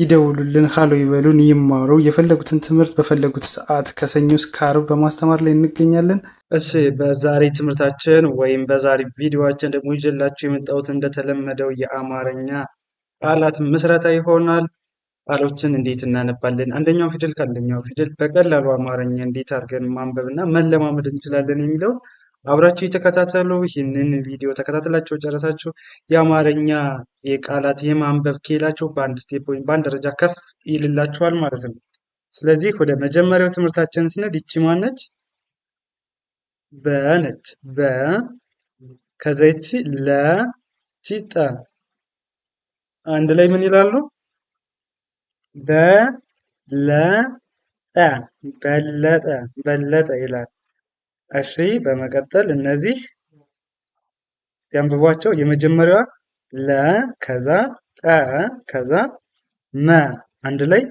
ይደውሉልን፣ ሀሎ ይበሉን፣ ይማሩ። የፈለጉትን ትምህርት በፈለጉት ሰዓት ከሰኞ እስከ ዓርብ በማስተማር ላይ እንገኛለን። እሺ በዛሬ ትምህርታችን ወይም በዛሬ ቪዲዮችን ደግሞ ይዤላችሁ የመጣሁት እንደተለመደው የአማርኛ ቃላት ምስረታ ይሆናል። ቃሎችን እንዴት እናነባለን? አንደኛው ፊደል ከአንደኛው ፊደል በቀላሉ አማርኛ እንዴት አድርገን ማንበብ እና መለማመድ እንችላለን የሚለውን አብራችሁ የተከታተሉ። ይህንን ቪዲዮ ተከታትላችሁ ጨረሳችሁ የአማርኛ የቃላት የማንበብ ክህላችሁ በአንድ ስቴፕ ወይም በአንድ ደረጃ ከፍ ይልላችኋል ማለት ነው። ስለዚህ ወደ መጀመሪያው ትምህርታችን ስነድ ይቺ ማነች? በነች በ ከዛ ይቺ ለ ይቺ ጠ አንድ ላይ ምን ይላሉ? በለጠ በለጠ በለጠ ይላል። እሺ በመቀጠል እነዚህ እስቲ አንብቧቸው። የመጀመሪያዋ ለ ከዛ ቀ ከዛ መ አንድ ላይ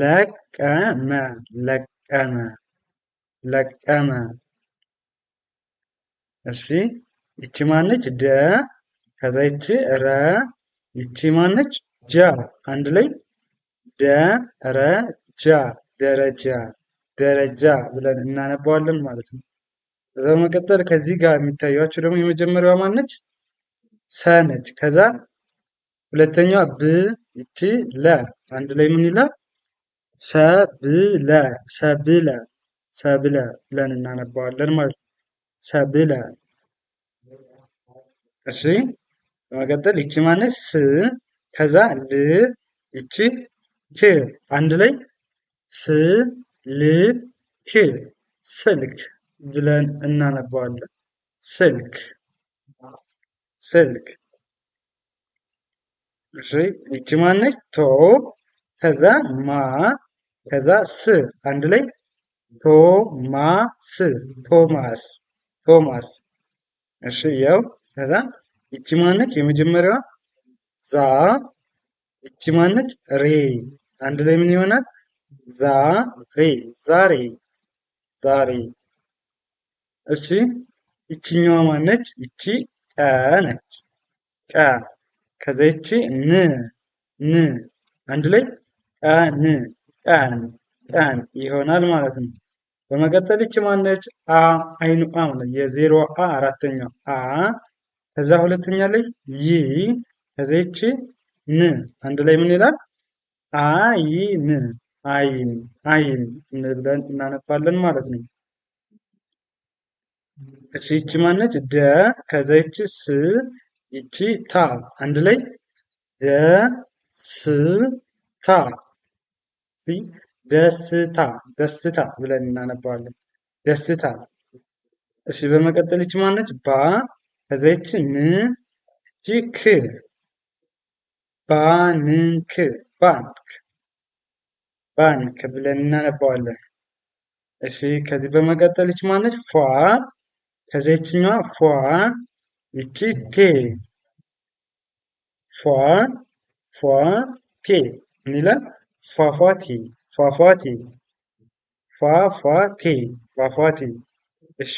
ለቀመ ለቀመ ለቀመ። እሺ ይቺ ማነች? ደ ከዛ ይቺ ረ ይቺ ማነች? ጃ አንድ ላይ ደረጃ ደረጃ ደረጃ ብለን እናነባዋለን ማለት ነው። ከዛ በመቀጠል ከዚህ ጋር የሚታያቸው ደግሞ የመጀመሪያዋ ማነች? ሰ ነች። ከዛ ሁለተኛዋ ብ ይቺ ለ አንድ ላይ ምን ይላል? ሰብለ ሰብለ ሰብለ ብለን እናነባዋለን ማለት ነው። ሰብለ እሺ። በመቀጠል ይቺ ማነች? ስ ከዛ ል ይቺ ክ አንድ ላይ ስ ል ክ ስልክ ብለን እናነባዋለን። ስልክ ስልክ። እሺ ይቺ ማነች? ቶ ከዛ ማ ከዛ ስ አንድ ላይ ቶማስ ቶማስ ቶማስ። እሺ ያው ከዛ ይቺ ማነች? የመጀመሪያዋ ዛ ይቺ ማነች? ሬ አንድ ላይ ምን ይሆናል? ሬ ዛሬ ዛሬ እሺ ይችኛዋ ማነች? ይቺ ቀ ነች። ቀ ከዛ ይቺ ን ን አንድ ላይ ቀን ቀን ቀን ይሆናል ማለት ነው። በመቀጠል ይቺ ማነች? አ አይኑ አ ማለት የዜሮ አ አራተኛው አ ከዛ ሁለተኛ ላይ ይ ከዛ ይቺ ን አንድ ላይ ምን ይላል? አይን አይን አይን ብለን እናነባለን ማለት ነው። እሺ ይቺ ማነች? ደ ከዛ ይቺ ስ ይቺ ታ አንድ ላይ ደ ስ ታ ደስታ ደስታ ብለን እናነባዋለን። ደስታ። እሺ በመቀጠል ይቺ ማነች? ባ ከዛ ይቺ ን ይቺ ክ ባንክ ባንክ ባንክ ብለን እናነባዋለን። እሺ ከዚህ በመቀጠል ይቺ ማነች? ፏ ከዚችኛዋ ፏ ይቺ ቴ ፏ ፏ ቴ ምን ይላል? ፏፏቴ ፏፏቴ ፏፏቴ ፏፏቴ። እሺ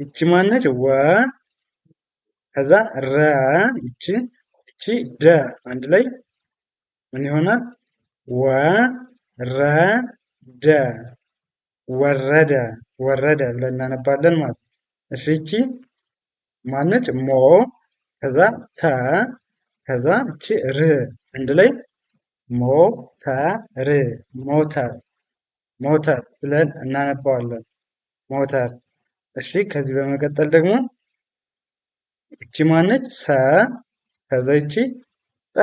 ይቺ ማነች? ወ ከዛ ረ ይቺ ይቺ ደ አንድ ላይ ምን ይሆናል? ወ ረ ደ ወረደ ወረደ ብለን እናነባለን ማለት ነው። እሺ ማነች? ሞ ከዛ ተ ከዛ እቺ ር አንድ ላይ ሞ ተ ር ሞተር ሞተር ብለን እናነባዋለን። ሞተር። እሺ ከዚህ በመቀጠል ደግሞ እቺ ማነች? ሰ ከዛ እቺ ጠ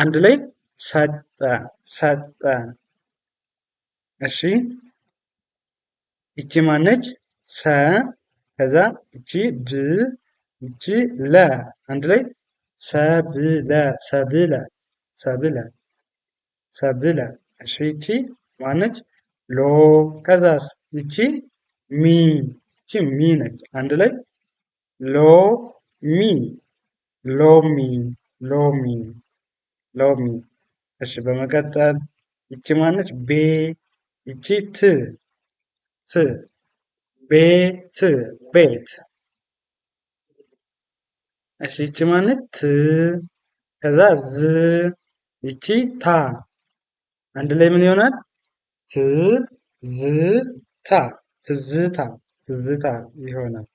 አንድ ላይ ሰጠ ሰጠ እሺ ይቺ ማነች? ሰ ከዛ ይቺ ብ ይቺ ለ አንድ ላይ ሰብለ ሰብለ ሰብለ ሰብለ። እሺ ይቺ ማነች? ሎ ከዛስ ይቺ ሚ ይቺ ሚ ነች። አንድ ላይ ሎ ሚ ሎሚ ሎሚ ሎሚ። እሺ በመቀጠል ይቺ ማነች? ቤ ይቺ ት ት ቤት ቤት። እሺ ይቺ ማነች? ት ከዛ ዝ ይቺ ታ አንድ ላይ ምን ይሆናል? ት ዝ ታ ትዝታ ትዝታ ይሆናል።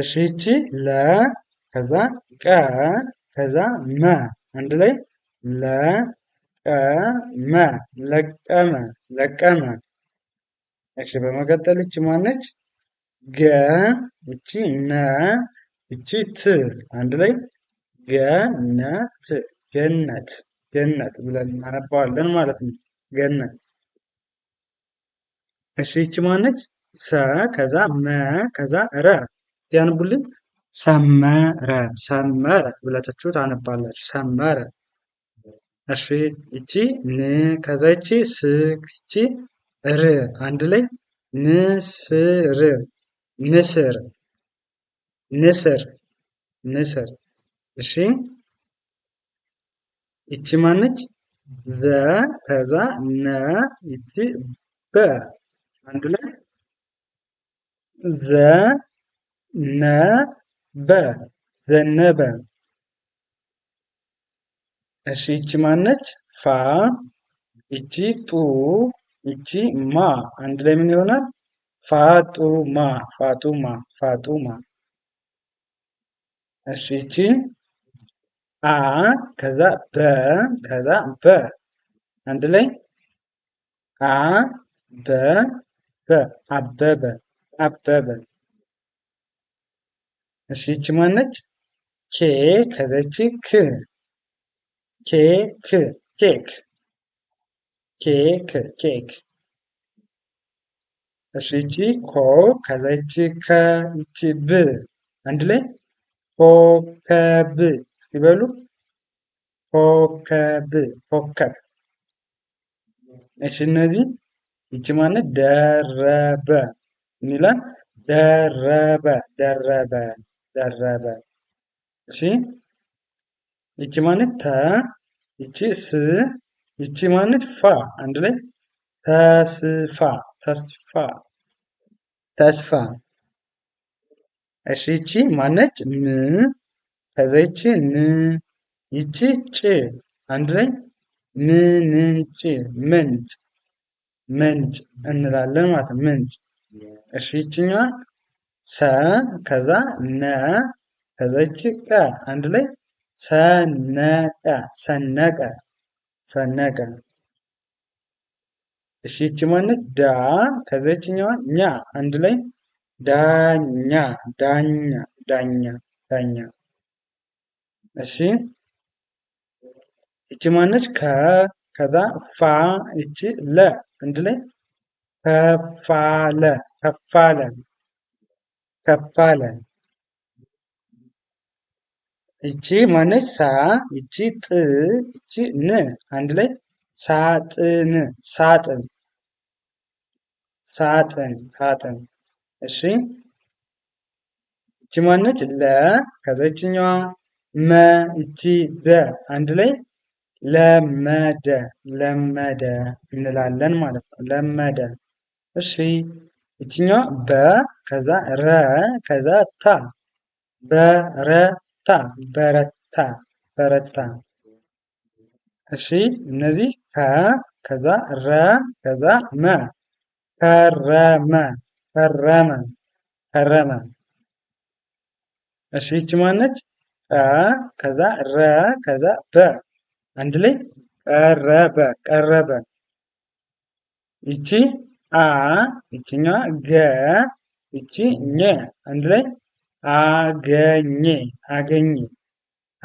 እሺ ይቺ ለ ከዛ ቀ ከዛ መ አንድ ላይ ለ ቀመ ለቀመ ለቀመ። እሺ በመቀጠል እቺ ማነች? ገ እቺ ነ እቺ ት አንድ ላይ ገነት ገነት ገነት ብለን እናነባዋለን ማለት ነው። ገነት። እሺ እቺ ማነች? ሰ ከዛ መ ከዛ ረ ሰመረ ሰመረ ብላችሁ ታነባላችሁ። ሰመረ እሺ ይቺ ን ከዛ ይቺ ስ ይቺ ር አንድ ላይ ንስር ንስር ንስር ንስር። እሺ ይቺ ማነች? ዘ ከዛ ነ ይቺ በ አንድ ላይ ዘ ነ በ ዘነበ እሺ ይቺ ማነች? ፋ ይቺ ጡ ይቺ ማ አንድ ላይ ምን ይሆናል? ፋጡማ ፋጡማ ፋጡማ። እሺ ይቺ አ ከዛ በ ከዛ በ አንድ ላይ አ በ በ አበበ አበበ። እሺ ይቺ ማነች? ኬ ከዛ ይቺ ክ ኬክ ኬክ ኬክ ኬክ እሺ እቺ ኮ ከዛ እቺ ከ እቺ ብ አንድ ላይ ኮከብ እስቲ በሉ ኮከብ ኮከብ። እሺ እነዚህ እቺ ማለት ደረበ እንላለን። ደረበ ደረበ ደረበ። እሺ እቺ ማለት ተ ይቺ ስ ይቺ ማነች? ፋ አንድ ላይ ተስፋ ተስፋ ተስፋ። እሺ ይቺ ማነች? ም ከዛ ይቺ ን ይቺ ጭ አንድ ላይ ምንንጭ ምንጭ ምንጭ እንላለን ማለት ነው። ምንጭ። እሺ ሰ ከዛ ነ ከዛ ይቺ ቀ አንድ ላይ ሰነቀ ሰነቀ ሰነቀ። እሺ ይቺ ማነች? ዳ ከዚህኛዋ ኛ አንድ ላይ ዳኛ ዳኛ ዳኛ ዳኛ። እሺ ይቺ ማነች? ከ ከዛ ፋ ይቺ ለ አንድ ላይ ከፋለ ከፋለ ከፋለ እቺ ማነች? ሳ እቺ ጥ እቺ ን አንድ ላይ ሳጥን ሳጥን ሳጥን ሳጥን። እሺ እቺ ማነች? ለ ከዘችኛዋ መ እቺ ደ አንድ ላይ ለመደ ለመደ እንላለን ማለት ነው። ለመደ። እሺ ይቺኛዋ በ ከዛ ረ ከዛ ታ በረ ታ በረታ በረታ። እሺ እነዚህ ከ ከዛ ረ ከዛ መ ከረመ ከረመ ከረመ። እሺ ይቺ ማነች? ቀ ከዛ ረ ከዛ በ አንድ ላይ ቀረበ ቀረበ። ይቺ አ ይችኛዋ ገ ይቺ ኘ አንድ ላይ አገኘ አገኘ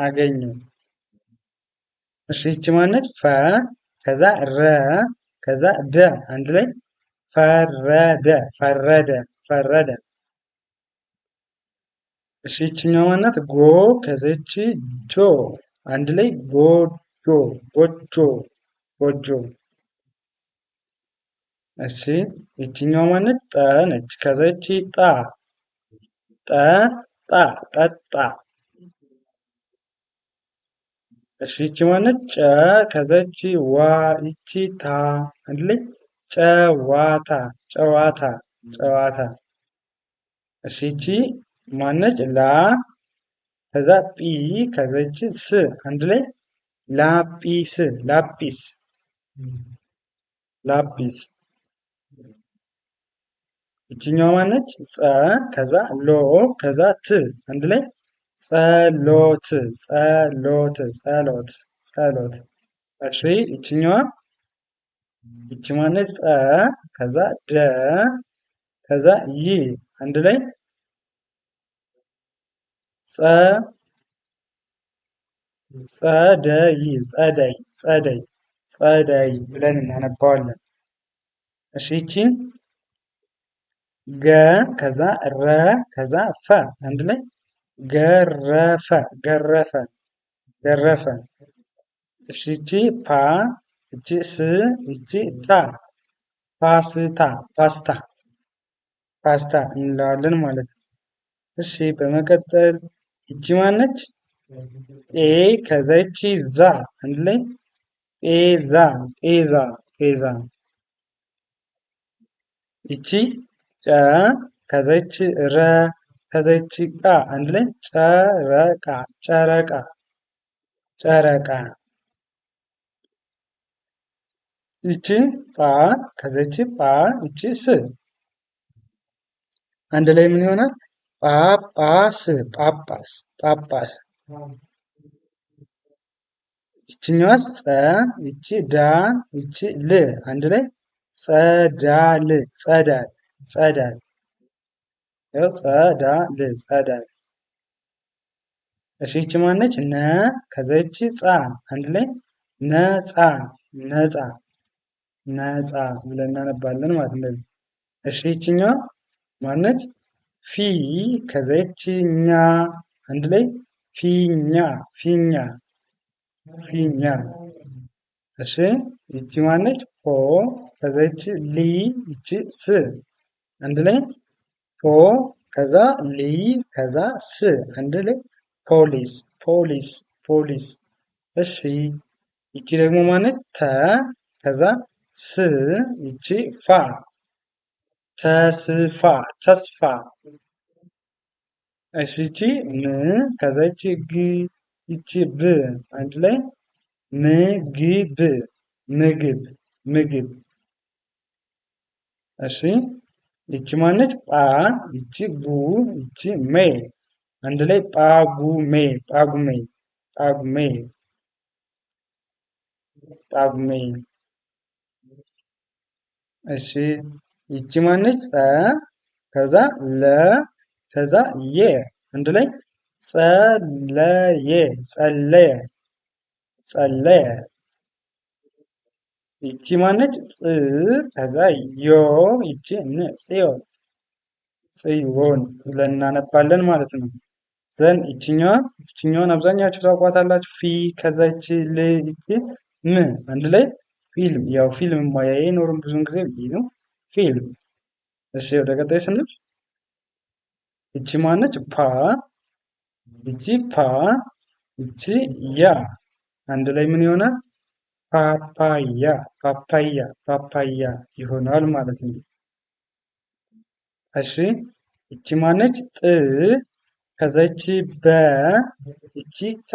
አገኘ። እሺ ይቺ ማነች? ፈ ከዛ ረ ከዛ ደ አንድ ላይ ፈረደ ፈረደ ፈረደ። እሺ ይችኛው ማናት? ጎ ከዚች ጆ አንድ ላይ ጎጆ ጎጆ ጎጆ። እሺ ይችኛው ማነች? ጠ ነች ከዚች ጣ ጠጣ ጠጣ። እሺ ይቺ ማነች? ጨ ዋ ይቺ ታ አንድ ላይ ጨዋታ ጨዋታ ጨዋታ። እሺ ይቺ ማነች? ላ ከዛ ጲ ስ አንድ ላይ ላጲስ ላጲስ ላጲስ ይችኛዋ ማነች? ጸ ከዛ ሎ ከዛ ት አንድ ላይ ጸሎት ጸሎት ጸሎት ጸሎት። እሺ ይችኛዋ ይቺ ማነች? ጸ ከዛ ደ ከዛ ይ አንድ ላይ ጸ ጸደይ ጸደይ ጸደይ ጸደይ ብለን እናነባዋለን። እሺ ይቺ ገ ከዛ ረ ከዛ ፈ አንድ ላይ ገረፈ ገረፈ ገረፈ። እሺ እቺ ፓ እቺ ስ እቺ ታ ፓስታ ፓስታ ፓስታ እንለዋለን ማለት ነው። እሺ በመቀጠል እቺ ማነች? ኤ ከዛ እቺ ዛ አንድ ላይ ኤዛ ኤዛ ኤዛ። እቺ ጨ ከዘች ረ ከዘች ቃ አንድ ላይ ጨረቃ ጨረቃ ጨረቃ። ይቺ ጳ ከዘች ጳ ይቺ ስ አንድ ላይ ምን ይሆናል? ጳጳስ ጳጳስ ጳጳስ። ይችኛዋስ ፀ ይቺ ዳ ይቺ ል አንድ ላይ ጸዳል ጸዳል ጸዳል ያው ጸዳል ጸዳል። እሺ ይቺ ማነች? ነ ከዘች ጻ አንድ ላይ ነጻ ነጻ ነጻ ብለን እናነባለን ማለት እንደዚህ። እሺ ይቺኛዋ ማነች? ፊ ከዘች ኛ አንድ ላይ ፊኛ ፊኛ ፊኛ። እሺ ይቺ ማነች? ሆ ከዘች ሊ ይቺ ስ አንድ ላይ ፖ ከዛ ሊ ከዛ ስ አንድ ላይ ፖሊስ ፖሊስ ፖሊስ። እሺ ይቺ ደግሞ ማነች? ተ ከዛ ስ ይቺ ፋ ተስፋ ተስፋ። እሺ ይቺ ም ከዛ ይቺ ግ ይቺ ብ አንድ ላይ ምግብ ምግብ ምግብ። እሺ ይቺ ማነች? ጳ ይቺ ጉ ይቺ ሜ አንድ ላይ ጳጉሜ ጳጉሜ ጳጉሜ ጳጉሜ። እሺ ይቺ ማነች? ጸ ከዛ ለ ከዛ የ አንድ ላይ ጸለየ ጸለየ ጸለየ ይቺ ማነች? ጽ ከዛ ዮ ይቺ ን ጽዮን ጽዮን ብለን እናነባለን ማለት ነው። ዘን ይችኛዋ ይችኛዋን አብዛኛችሁ ታውቋታላችሁ። ፊ ከዛ ይቺ ል ይቺ ም አንድ ላይ ፊልም። ያው ፊልም ማያ የኖርም ብዙን ጊዜ ብዬ ነው ፊልም። እሺ ወደ ቀጣይ ስንል ይቺ ማነች? ፓ ይቺ ፓ ይቺ ያ አንድ ላይ ምን ይሆናል? ፓፓያ ፓፓያ ፓፓያ ይሆናል ማለት ነው። እሺ እቺ ማነች? ጥ ከዛች በ እቺ ቃ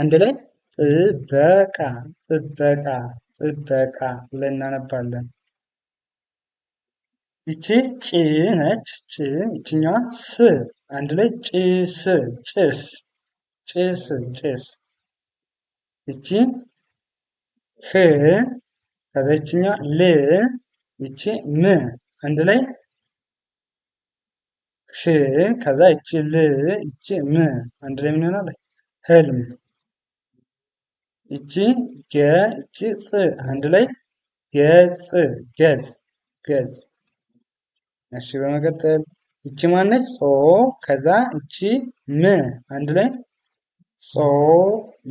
አንድ ላይ ጥበቃ ጥበቃ ጥበቃ ብለን እናነባለን። እቺ ጭ ነች። ጭ ይችኛዋ ስ አንድ ላይ ጭስ ጭስ ጭስ ጭስ እቺ ህ ከዚችኛው ል ይቺ ም አንድ ላይ ህ ከዛ ይቺ ል ይቺ ም አንድ ላይ ምን ይሆናል? ህልም። ይቺ ገ ይቺ ጽ አንድ ላይ ገጽ ገጽ ገጽ። እሺ በመቀጠል ይቺ ማነች? ጾ ከዛ ይቺ ም አንድ ላይ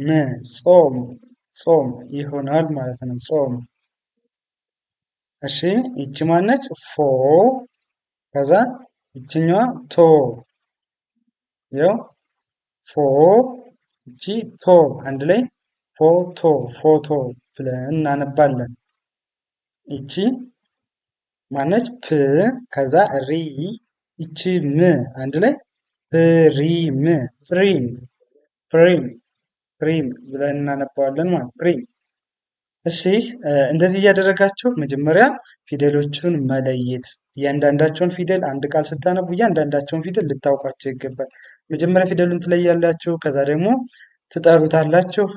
ም ጾም ጾም ይሆናል ማለት ነው። ጾም እሺ፣ ይቺ ማነች? ፎ ከዛ ይችኛዋ ቶ ያው ፎ እቺ ቶ አንድ ላይ ፎቶ ፎቶ ብለን እናነባለን። እቺ ማነች? ፕ ከዛ ሪ እቺ ም አንድ ላይ ፕሪም ፕሪም ፕሪም ፕሪም ብለን እናነባዋለን ማለት ፕሪም። እሺ እንደዚህ እያደረጋችሁ መጀመሪያ ፊደሎቹን መለየት እያንዳንዳቸውን ፊደል አንድ ቃል ስታነቡ እያንዳንዳቸውን ፊደል ልታውቋቸው ይገባል። መጀመሪያ ፊደሉን ትለያላችሁ፣ ከዛ ደግሞ ትጠሩታላችሁ።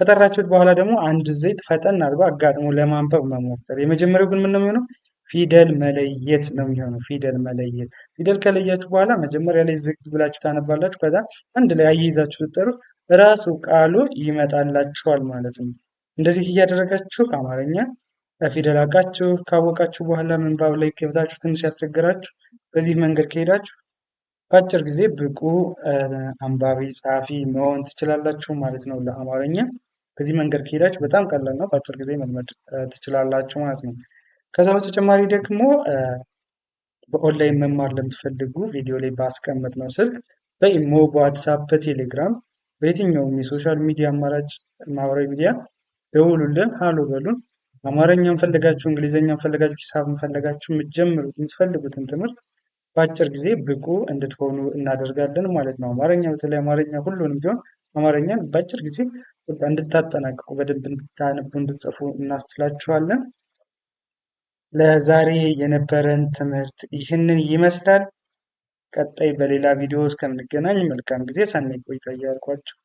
ከጠራችሁት በኋላ ደግሞ አንድ ዘይት ፈጠን አድርጎ አጋጥሞ ለማንበብ መሞከር። የመጀመሪያው ግን ምን ነው የሚሆነው? ፊደል መለየት ነው የሚሆነው። ፊደል መለየት ፊደል ከለያችሁ በኋላ መጀመሪያ ላይ ዝግ ብላችሁ ታነባላችሁ። ከዛ አንድ ላይ አያይዛችሁ ስጠሩት ራሱ ቃሉ ይመጣላችኋል ማለት ነው። እንደዚህ እያደረጋችሁ ከአማርኛ ፊደል አውቃችሁ ካወቃችሁ በኋላ ምንባብ ላይ ገብታችሁ ትንሽ ያስቸግራችሁ በዚህ መንገድ ከሄዳችሁ በአጭር ጊዜ ብቁ አንባቢ ጸሐፊ መሆን ትችላላችሁ ማለት ነው። ለአማርኛ በዚህ መንገድ ከሄዳችሁ በጣም ቀላል ነው። በአጭር ጊዜ መልመድ ትችላላችሁ ማለት ነው። ከዛ በተጨማሪ ደግሞ በኦንላይን መማር ለምትፈልጉ ቪዲዮ ላይ ባስቀመጥ ነው ስልክ በኢሞ፣ በዋትሳፕ፣ በቴሌግራም በየትኛውም የሶሻል ሚዲያ አማራጭ ማህበራዊ ሚዲያ ደውሉልን፣ ሀሎ በሉን። አማርኛ ፈልጋችሁ፣ እንግሊዝኛ ፈልጋችሁ፣ ሂሳብ ፈልጋችሁ የምትጀምሩት የምትፈልጉትን ትምህርት በአጭር ጊዜ ብቁ እንድትሆኑ እናደርጋለን ማለት ነው። አማርኛ በተለይ አማርኛ ሁሉንም ቢሆን አማርኛን በአጭር ጊዜ እንድታጠናቅቁ በደንብ እንድታነቡ እንድትጽፉ እናስችላችኋለን። ለዛሬ የነበረን ትምህርት ይህንን ይመስላል። ቀጣይ በሌላ ቪዲዮ እስከምንገናኝ መልካም ጊዜ፣ ሰናይ ቆይታ እያልኳችሁ